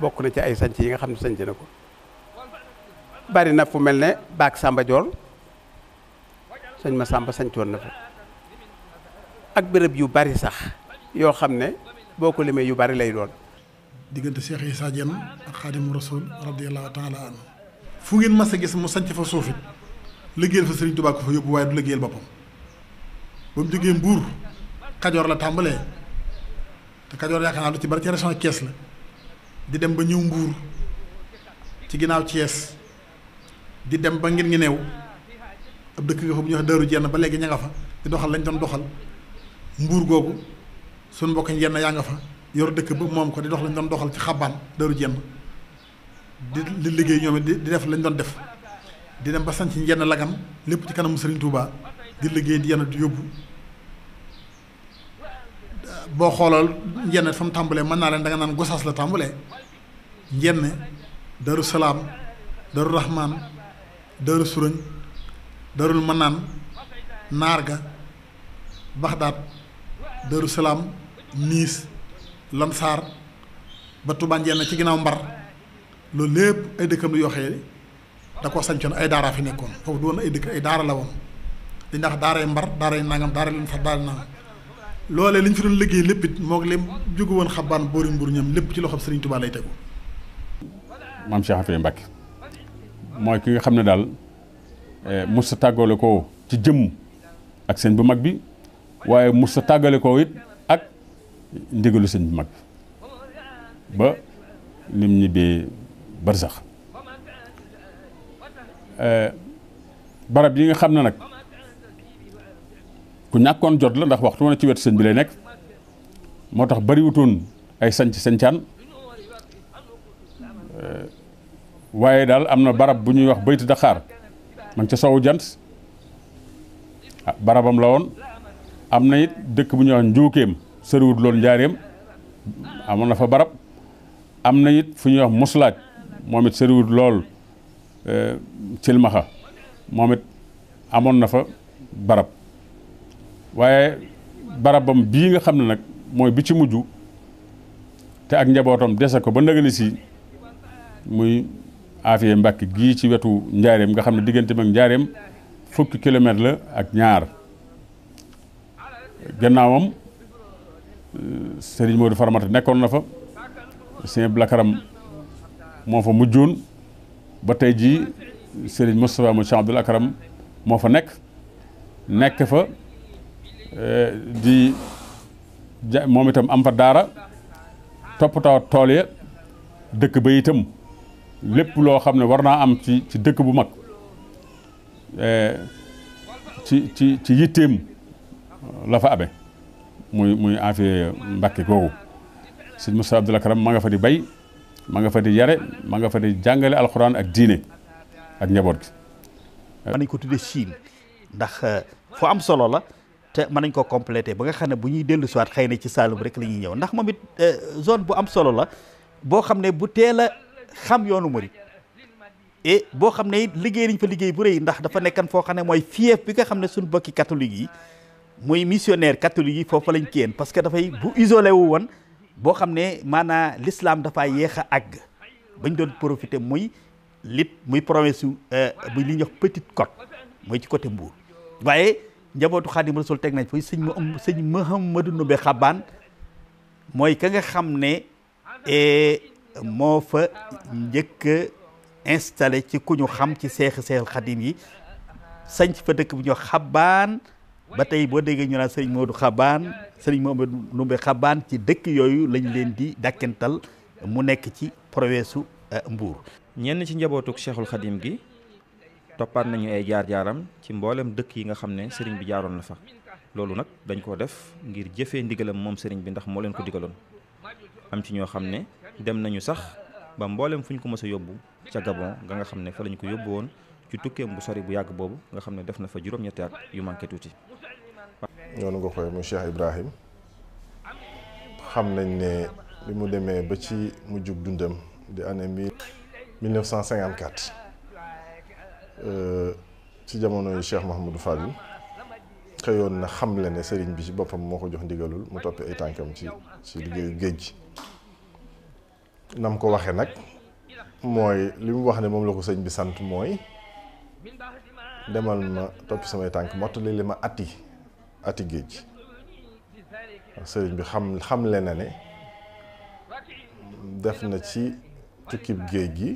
bokk na ci ay sanc yi nga xam ne sanc na ko bari na fu mel ne baak Samba sëñ Massamba sañcoon na fa ak béréb yu bari sax yoo xam ne boo ko limee yu bari lay doon. diggante Cheikh Issa Diène ak Xaadimu Rasuul radiyallaahu taalaa anhu fu ngeen mas a gis mu sañc fa suufi it liggéeyal fa Sëriñ Tuubaa ko fa yóbbu waaye du liggéeyal boppam ba mu jógee Mbuur Kajoor la tàmbalee te Kajoor yaakaar naa lu ci bari ci région Thiès la di dem ba ñëw Mbuur ci ginnaaw Thiès di dem ba ngeen ngi new ab dëkk nga fa bu ñuy wax Daaru Jenn ba léegi ña nga fa di doxal lañu doon doxal mbuur googu suñu mbokk yenn yaa nga fa yor dëkk ba moom ko di dox lañ doon doxal ci xabaan Daaru Jenn di di liggéey ñoom di def lañ doon def di dem ba sanc yenn lagan lépp ci kanamu Serigne Touba di liggéey di yenn di yóbbu boo xoolool njenn fa mu tàmbalee mën naa leen danga naan gosaas la tàmbalee njenn Daaru Salaam Daaru Rahman Daaru Surañ darul manaan naarga baxdaat daru salaam niis lamsaar ba Tuubaa njeel na ci ginnaaw mbar loolu lépp ay dëkkam lu yoxee da ko sancoon ay daaraa fi nekkoon foofu du woon ay dëkk ay daara la woon li ndax daaray mbar daaray nangam daaray lamsaar daaray nangam loolee li ñu fi doon liggéey lépp it moo leen jóge woon xabaan boori mburu ñam lépp ci loxob Sëriñ Tuubaa lay tegu maam Cheikh ki nga xam ne daal Eh, mus sa tàggale koo ci jëmm ak sëñ bu mag bi waaye mus sa tàggale ko it ak ndigalu seen bu mag bi ba nim ñibbee barsax eh, barab yi nga xam ne nag ku ñàkkoon jot la ndax waxtu woon ci wetu sëñ bi lay nekk moo tax bariwutoon ay sanc sancaan eh, waaye daal am na barab bu ñuy wax bayti daxaar ma nga ca sowu jant ah, barabam la woon am na it dëkk bu ñuy wax njuukeem sëriwut loolu njaareem amoon na fa barab am na it fu ñuy wax muslaaj moom it sëriwut lool eh, cilmaxa moom amoon na fa barab waaye barabam bii nga xam ne nag mooy bi ci mujj te ak njabootam dese ko ba ndagale si muy Afiyé Mbàkke gii ci wetu Njaareem nga xam ne diggante mag Njaareem fukki kilomètre la ak ñaar gannaawam euh, Serigne Modou Faramata nekkoon na fa Serigne Blakaram moo fa ba tey jii Serigne Moustapha Cheikh Abdoul Akaram moo fa nekk nekk fa euh, di moom itam am fa daara toppatoo tool ya dëkk ba itam lépp loo xam ne war naa am ci ci dëkk bu mag eh, ci ci ci yitteem eh, la fa abe muy muy Afia Mbàkke googu sëñ Moussa Abdoul Karam ma nga fa di bay ma nga fa di yare ma nga fa di jàngale alxuraan ak diine ak njaboot gi. Eh. mën nañ ko tuddee Chine ndax fu am solo la te mën nañ ko complété ba nga xam ne bu ñuy dellu si waat xëy na ci Saalum rek la ñuy ñëw ndax moom it zone bu am solo la boo xam ne bu teel xam yoonu murit e boo xam ne liggéey nañ fa liggéey bu rëy ndax dafa nekkan foo xam ne mooy fief bi nga xam ne suñ bokki catholique yi muy missionnaire catholique yi foofu lañ kéen parce que dafay bu isolé wu woon boo xam ne maanaa l'islam dafaa yéex a àgg bañ doon profité muy lit muy promesse yu euh, ñuy wax petite côte mooy ci côté Mbour waaye njabootu Xaadim Rasul teg nañ fa sëñ ma am sëñ Mahamadou Nobé Xabaan mooy ka nga xam ne euh, moo fa njëkk installe ci ku ñu xam ci seexi seexal xadim yi sanc fa dëkk bu ñu xabaan ba tey boo déggee ñu naan sëriñ Modou xabaan sëriñ Modou Ndumbe xabaan ci dëkk yooyu lañ leen di dàkkental mu nekk ci proweesu Mbuur ñenn ci njabootuk seexul xadim gi toppaat nañu ay jaar-jaaram ci mboolem dëkk yi nga xam ne sëriñ bi jaaroon na fa loolu nag dañ koo def ngir jëfee ndigalam moom sëriñ bi ndax moo leen ko digaloon am ci ñoo xam ne dem nañu sax ba mbooleem fu ñu ko mës a yóbbu ca Gabon nga nga xam ne fa lañu ko yóbbu woon ci tukkeem bu sori bu yàgg boobu nga xam ne def na fa juróom-ñetti at yu manqué tuuti. noonu nga koy mu Cheikh Ibrahim xam nañ ne bi mu demee ba ci mujjug dundam di année mille neuf cent cinquante quatre euh, ci jamono yu Cheikh Mahamadou Fadil yoon na xam xamle ne sëriñ bi ci boppam moo ko jox ndigalul mu topp ay tànkam ci ci liggéeyu géej gi. nam ko waxee nag mooy li mu wax ne moom la ko sëñ bi sant mooy demal ma topp samay tànk mottali li ma ati ati géej sëriñ bi xam xamle na ne def na ci tukkib géej gi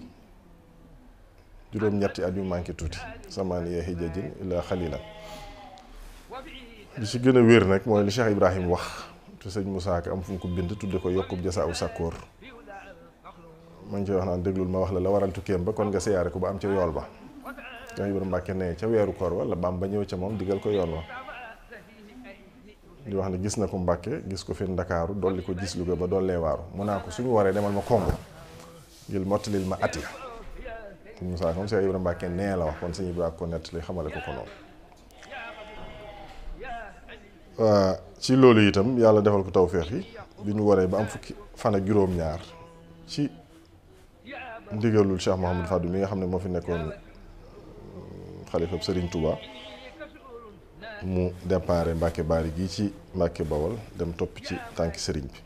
juróom-ñetti at yu manqué tuuti samaan yee hijajin ila xalilan li ci gën a wér nag mooy li Cheikh Ibrahim wax te sëñ Moussa Ka am fu mu ko bind tudde ko yokkub jasaaw koor mañ ngi wax naan déglul ma wax la la warantu tukkeem ba kon nga siyaare ko ba am ca yool ba Cheikh Ibrahima Mbàkke ne ca weeru kor wa la ba ñëw ca moom digal ko yoon wa di wax ne gis na ko Mbàkke gis ko fi Ndakaaru dolli ko gis ba dollee waaru mu naa ko suñu waree demal ma Kongo ngir mottalil ma at ya suñu saa comme Cheikh Ibrahima Mbàkke nee la wax kon suñu bi ko nettali xamale ko ko noonu ci loolu itam yàlla defal ko tawféex yi bi ñu waree ba am fukki fan ak juróom-ñaar ci ndigalul Cheikh Mouhamadou Fadou mi nga xam ne moo fi nekkoon euh, xalifa Serigne Touba mu déparé Mbacke Bari gii ci Mbacke Bawol dem topp ci tànki sëriñ bi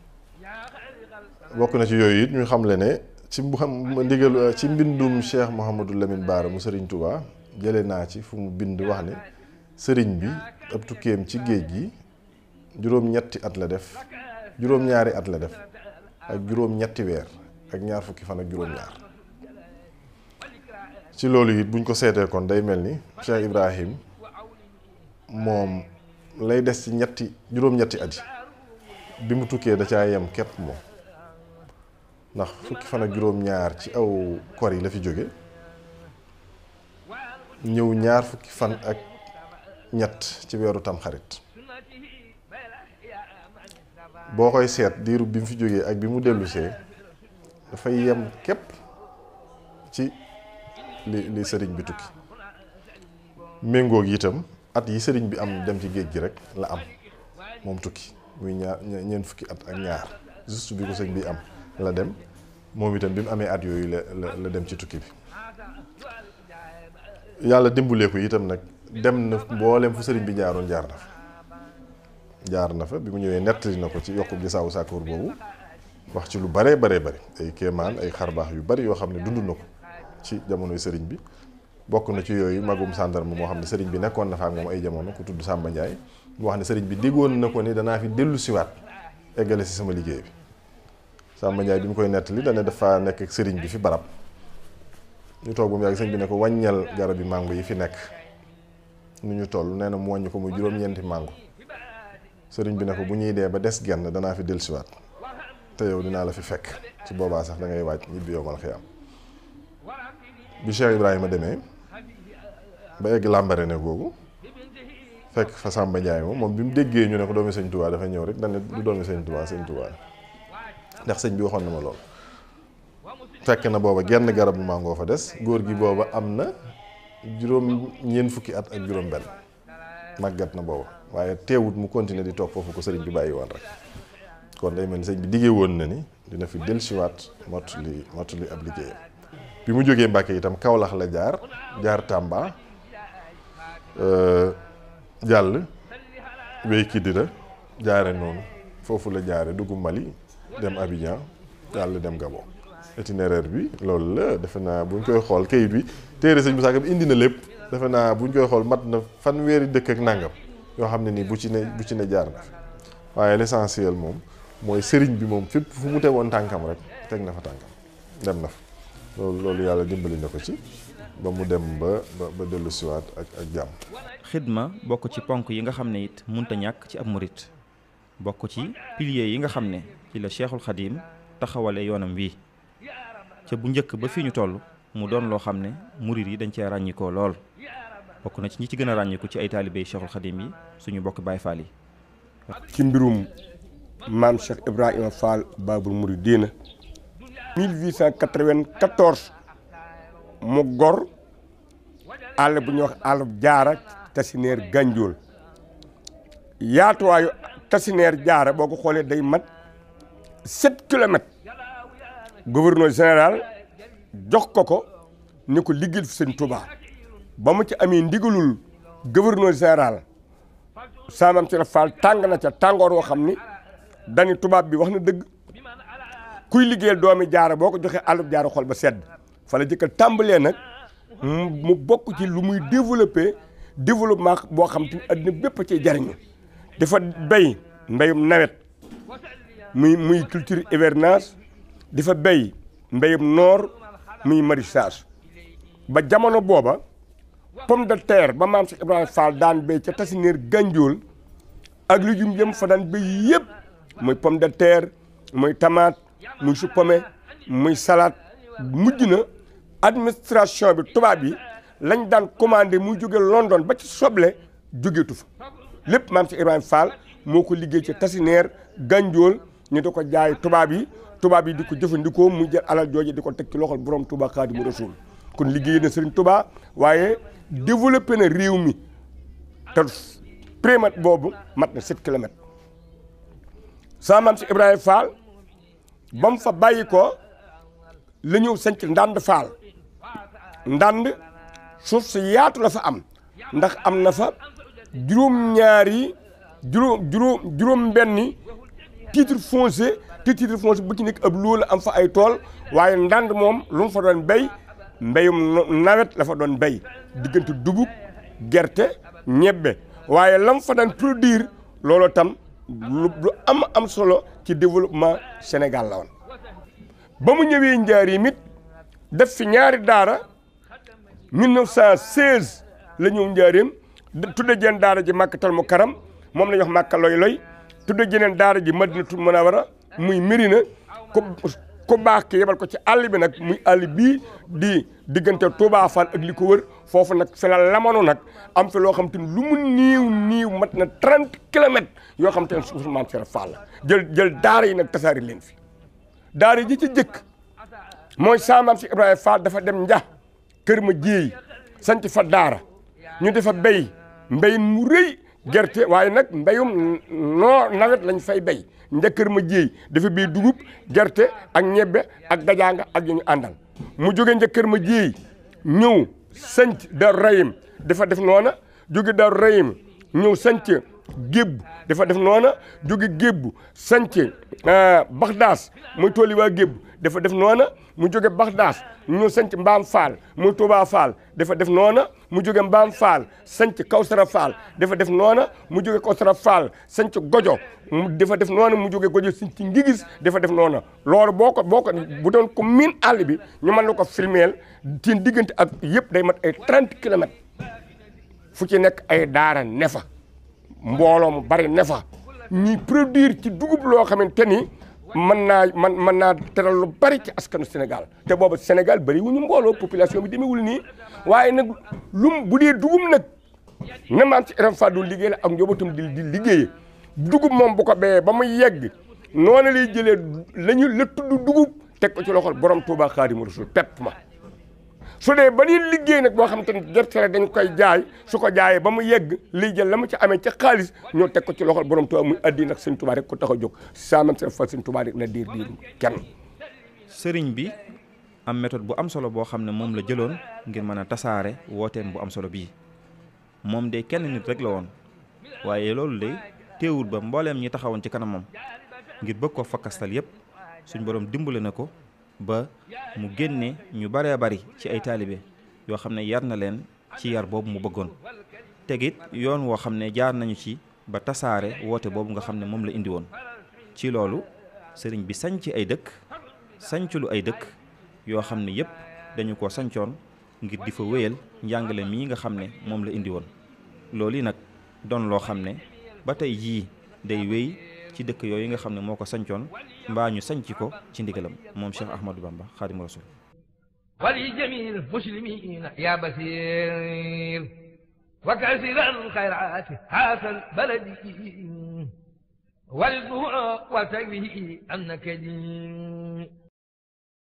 bokk na ci yooyu it ñu xamle ne ci bu xam ndigal euh, ci mbindum Cheikh Mouhamadou Lamine Bara mu Serigne Touba jële naa ci fu mu bind wax ne sëriñ bi ab tukkeem ci géej gi juróom-ñetti at la def juróom-ñaari at la def ak juróom-ñetti weer ak ñaar fukki fan ak juróom-ñaar. ci loolu it buñ ko seetee kon day mel ni Cheikh Ibrahim moom lay des ci ñetti juróom-ñetti at bi mu tukkee da caa yem képp moom ndax fukki fan ak juróom-ñaar ci aw kor yi la fi jóge ñëw ñaar fukki fan ak ñett ci weeru tamxarit boo koy seet diiru bi mu fi jógee ak bi mu dellusee dafay yem képp ci li li sëriñ bi tukki méngoog itam at yi sëriñ bi am dem ci géej gi rek la am moom tukki muy ñaar ñeent fukki at ak ñaar juste bi ko sëñ bi am la dem moom itam bi mu amee at yooyu la la dem ci tukki bi yàlla dimbalee ko itam nag dem na mboolem fu sëriñ bi jaaroon jaar na fa jaar na fa bi mu ñëwee nettali na ko ci yokku gisaawu sàkkoor boobu wax ci lu bare bare bare ay kéemaan ay xarbaax yu bari yoo xam ne dund na ko ci jamonoy sëriñ bi bokk na ci yooyu magum sàndarma moo xam ne sëriñ bi nekkoon na fa ak moom ay jamono ku tudd Samba Ndiaye mu wax ne sëriñ bi déggoon na ko ni danaa fi dellu siwaat eggale si sama liggéey bi Samba Ndiaye mu koy nettali dane dafa nekk sëriñ bi fi barab ñu toog ba mu yàgg ne ko wàññal garab yi màngo yi fi nekk nu ñu toll nee na mu wàññi ko muy juróom-ñeenti sëriñ bi ne ko bu ñuy dee ba des genn danaa fi dellu siwaat te yow dinaa la fi fekk ci boobaa sax da ngay waaj ñibbi yow mal xiyam bi Cheikh Ibrahima demee ba egg làmbarene googu fekk fa Samba Ndiaye moom moom bi mu déggee ñu ne ko doomi sëñ Touba dafa ñëw rek danga du doomi sëñ Touba sëñ Touba ndax sëñ bi waxoon na ma lool fekk na booba genn garabu màngoo fa des góor gi booba am na juróom ñeent fukki at ak juróom benn màggat na booba waaye teewut mu continuer di toog foofu ko sëriñ bi bàyyi woon rek kon day mel ni sëñ bi diggee woon na ni dina fi dellusiwaat mottu li mottu li ab liggéeyam bi mu jógee Mbàkke itam kawlax la jaar jaar Tamba euh, jàll wéy Kidira jaare noonu foofu la jaare dugg Mali dem Abidjan jàll dem Gabon itinéraire bi loolu la defe naa buñ koy xool kayit bi téere sëñ Moussa bi indi na lépp defe naa buñ ñu koy xool mat na fanweeri dëkk ak nangam yoo xam ne nii bu ci ne bu ci ne jaar na fi waaye l'essentiel moom mooy sëriñ bi moom fépp fu mu tegoon tànkam rek teg na fa tànkam dem na fa loolu loolu yàlla dimbali na ko ci ba mu dem ba ba dellu siwaat ak ak jàmm xidma bokk ci ponk yi nga xam ne it munta ñàkk ci ab murit bokk ci pilier yi nga xam ne ci la cheikhul xadim taxawale yoonam wii ca bu njëkk ba fii ñu toll mu doon loo xam ne murit yi dañ cee ràññikoo lool bokk na ci ñi ci gën a ràññiku ci ay taalibey cheikhul xadim yi suñu bokk Baay Faal yi ci mbirum maam Cheikh Ibrahima Fall Baabul Muridiina 1894 mu gor àll bu ñuy wax bu jaara tasineer gànjool yaatuwaayu tasineer jaara boo ko xoolee day mat sept kilomètres gouverneur général jox ko ko ni ko liggéeyal fi sëñ Touba ba mu ci amee ndigalul gouverneur général saamam ci la faal tàng na ca tàngoor woo xam ni dani tubaab bi wax na dëgg kuy liggéeyal doomi jaara boo ko joxee àllub jaara xol ba sedd fa la jëkkal tàmbalee nag mu bokk ci lu muy développé développement boo xam te ni adduna bépp ci jariñu dafa béy mbéyum nawet muy muy culture hivernage dafa béy mbéyum noor muy maraîchage ba jamono booba pomme de terre ba maam sa Ibrahima Fall daan béy ca tasineer gànjool ak lu jum jëm fa daan béy yëpp muy pomme de terre muy tomate muy su muy salaat mujj na administration bi tubaab yi lañ daan commandé muy jóge London ba ci soble jógeetu fa lépp maam si Ibrahima Fall moo ko liggéey ci tasineer gànjool ñu di ko jaay tubaab yi tubaab yi di ko jëfandikoo muy jël alal jooje di ko teg ci loxol borom Touba Xaadimu Rasuul kon liggéey na Serigne tubaa waaye développé na réew mi te périmètre boobu mat na 7 kilomètres saa maam si Ibrahima Fall. ba fa bàyyi ko la ñëw sanc ndànd faal ndànd suuf si yaatu la fa am ndax am na fa juróom-ñaari juróom juróom juróom-benni titre foncier te titre foncier bu ci nekk ab loo am fa ay tool waaye ndànd moom lu fa doon béy mbéyum nawet la fa doon bay diggante dugub gerte ñebbe waaye lam fa daan produire loolu tam lu lu am am solo ci développement Sénégal la woon ba mu ñëwee Njaaréem it def fi ñaari daara 1916 la ñëw Njaaréem tudde jeen daara ji Makkatal mu karam moom la ñu wax Makka loy loy tudde jeneen daara ji Madinatul a muy Mirina ko ku baax ki yebal ko ci àll bi nag muy àll bii di diggante Touba Fall ak li ko wër foofu nag fi la nag am fi loo xam te ni lu mu niiw niiw mat na 30 kilomètres yoo xam te ne suuf maam Serap Fall la jël jël daara yi nag tasaari leen fi daara ji ci jëkk mooy saamaam si Ibrahima Fall dafa dem nja kër ma jéey sanc fa daara ñu defa béy mbéyin mu rëy gerte waaye nag mbéyum noo nawet lañu fay béy njëkkër ma jéey dafa béy dugub gerte ak ñebbe ak dajaanga ak yu ñu àndal mu jóge njëkkër ma jéey ñëw sanc Daaru Rahim dafa def noona jóge Daaru Rahim ñëw sanc gébb dafa def noona jóge gébb sanc euh, baxdaas muy tool yi waa gébb dafa def noona mu jóge baxdaas ñu sanc mbaam faal muy toba faal dafa def noona mu jóge mbaam faal sanc kawsara faal dafa def noona mu jóge kawsara faal sanc gojo dafa def noona mu jóge gojo sanc ngigis dafa def noona loolu boo ko boo ko bu doon ko miin àll bi ñu mën la ko filmeel seen diggante ak yëpp day mat ay 30 kilomètres fu ci nekk ay daara nefa mbooloo mu bari ne fa ñuy produire ci dugub loo xamante ni mën naa man mën naa teral lu bari ci askanu Sénégal te boobu Sénégal bari wu ñu mbooloo population bi demewul nii waaye nag lum bu dee dugub nag na maam ci Iram Fall doon liggéey la ak njabootam di di liggéey dugub moom bu ko béyee ba muy yegg noonu lay jëlee la ñu la dugub teg ko ci loxol borom Touba Xaadimu Rasul pepp ma su dee ba ñuy liggéey nag boo xam te ne gerte la dañ koy jaay su ko jaayee ba mu yegg lii jël la mu ci amee ca xaalis ñoo teg ko ci loxol borom Tuubaa muy addi nag sëñ Tuubaa rek ko tax a jóg saamam seen fa sëñ Tuubaa rek la diir diir kenn. sëriñ bi am méthode bu am solo boo xam ne moom la jëloon ngir mën a tasaare wooteem bu am solo bii moom de kenn nit rek la woon waaye loolu de teewul ba mbooleem ñi taxawoon ci kanamam ngir bëgg ko fakkastal yépp suñ borom dimbale na ko. ba mu génne ñu baree bari ci ay taalibe yoo xam ne yar na leen ci yar boobu mu bëggoon tegit yoon woo xam ne jaar nañu ci ba tasaare woote boobu nga xam ne moom la indi woon ci loolu sëriñ bi sañc ay dëkk sañculu ay dëkk yoo xam ne yépp dañu ko sañcoon ngir di fa wéyal njàngale mii nga xam ne moom la indi woon loolu yi nag doon loo xam ne ba tey jii day wéy ci dëkk yooyu nga xam ne moo ko sañcoon mbaa ñu sañc ko ci ndigalam moom Cheikh Ahmadou Bamba xaadimu rasul wali jamiil muslimina ya basir wa kasiran xayraati haasal baladi wal du'a wa tagrihi annaka